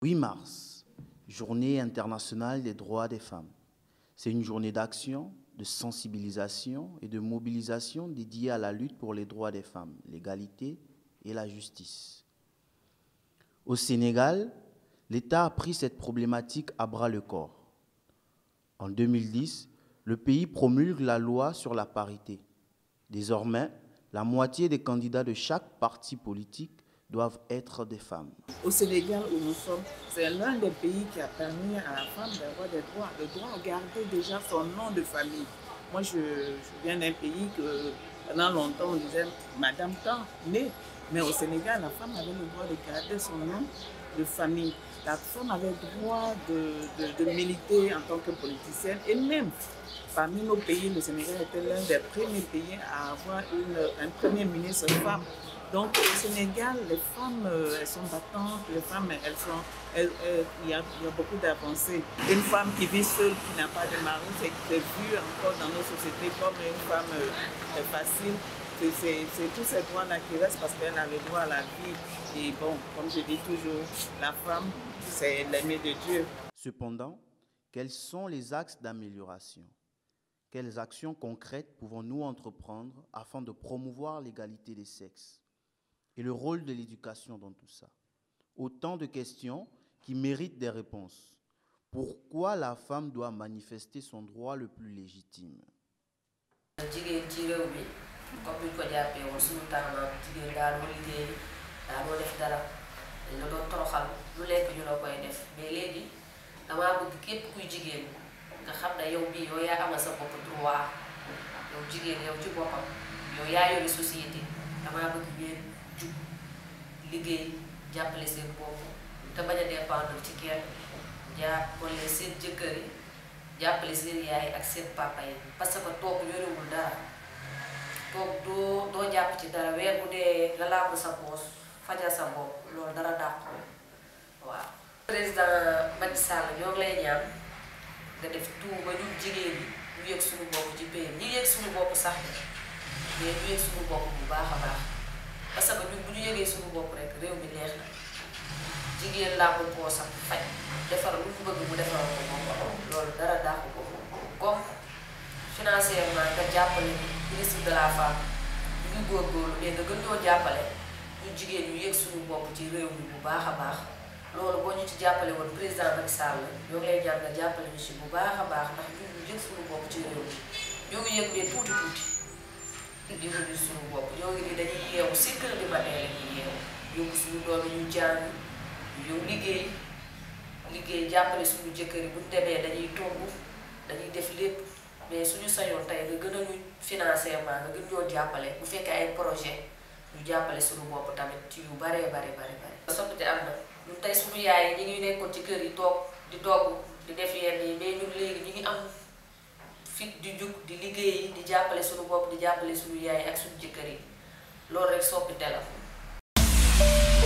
8 mars, journée internationale des droits des femmes. C'est une journée d'action, de sensibilisation et de mobilisation dédiée à la lutte pour les droits des femmes, l'égalité et la justice. Au Sénégal, l'État a pris cette problématique à bras le corps. En 2010, le pays promulgue la loi sur la parité. Désormais, la moitié des candidats de chaque parti politique doivent être des femmes. Au Sénégal où nous sommes, c'est l'un des pays qui a permis à la femme d'avoir des droits. Le droit de garder déjà son nom de famille. Moi, je, viens d'un pays que pendant longtemps, on disait Madame Tan, Mais au Sénégal, la femme avait le droit de garder son nom de famille. La femme avait le droit de, militer en tant que politicienne et même parmi nos pays, le Sénégal était l'un des premiers pays à avoir une, un premier ministre femme. Donc, au Sénégal, les femmes, euh, elles sont battantes, les femmes, elles sont. Euh, il y, a beaucoup d'avancées. Une femme qui vit seule, qui n'a pas de mari, c'est vu encore dans nos sociétés comme une femme euh, facile. C'est tous ces droits-là qui restent parce qu'elle a le droit à la vie. Et bon, comme je dis toujours, la femme, c'est l'aimée de Dieu. Cependant, quels sont les axes d'amélioration Quelles actions concrètes pouvons-nous entreprendre afin de promouvoir l'égalité des sexes et le rôle de l'éducation dans tout ça. Autant de questions qui méritent des réponses. Pourquoi la femme doit manifester son droit le plus légitime jub liggéey jàppale seen bopp te bañ a dépendre ci kenn jàppale seen jëkkër yi jàppale seen yaay ak seen papa yi parce que toog yorewul dara toog doo doo jàpp ci dara weer bu dee nga làmb sa poos fajal sa bopp loolu dara dàqu waaw. président Macky Sall ñoo lay ñaan nga def tout ba ñun jigéen ñi ñu yëg suñu bopp ci pays ñi yëg suñu bopp sax mais ñu yëg suñu bopp bu baax baax. parce que ñun bu ñu yëgee suñu bopp rek réew mi neex na jigéen làmb poosam faj defar lu mu bëgg mu defaral ko moom loolu dara dàqu ko comme financièrement nga jàppale ministre de la femme ñu ngi nga gën ñoo jàppale ñu jigéen ñu yëg suñu bopp ci réew mi bu baax a baax loolu boo ñu ci jàppale woon président Macky Sall ñoo ngi lay ñaan nga jàppale ñu si bu baax a baax ndax ñun ñu yëg suñu bopp ci réew mi ñoo ngi yëg mais tuuti tuuti. di wëññi suñu bopp ñoo ngi nii dañuy yeewu six heures du matin la ñuy yeewu yóbbu suñu doom yi ñu jàng yow liggéey liggéey jàppale suñu jëkkër yi bu ñu demee dañuy togg dañuy def lépp mais suñu sañoo tey nga gën a ñu financièrement nga gën ñoo jàppale bu fekkee ay projet ñu jàppale suñu bopp tamit ci yu baree bare bare bare soppite am na ñun tey suñu yaay yi ngi nekkoon ci kër yi toog di togg di def yenn yi mais ñun léegi ñu ngi am fit di jug di liggéey di jàppale suñu bopp di jàppale suñu yaay ak suñu jëkkër yi lool rek soppite la